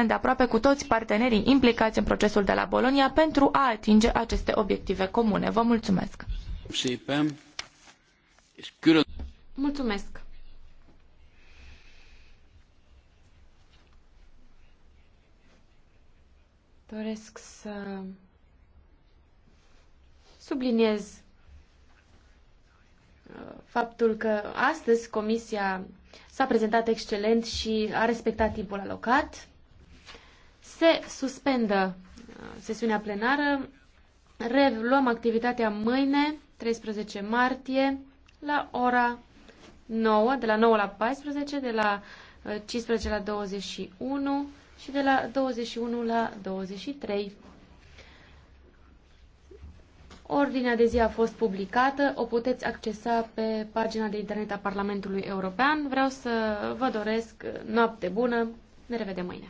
lucrate îndeaproape cu toți partenerii implicați în procesul de la Bologna pentru a atinge aceste obiective comune. Vă mulțumesc! Mulțumesc! Doresc să subliniez uh, faptul că astăzi Comisia s-a prezentat excelent și a respectat timpul alocat. Se suspendă uh, sesiunea plenară. Reluăm activitatea mâine, 13 martie, la ora 9, de la 9 la 14, de la 15 uh, la 21 și de la 21 la 23. Ordinea de zi a fost publicată, o puteți accesa pe pagina de internet a Parlamentului European. Vreau să vă doresc noapte bună, ne revedem mâine.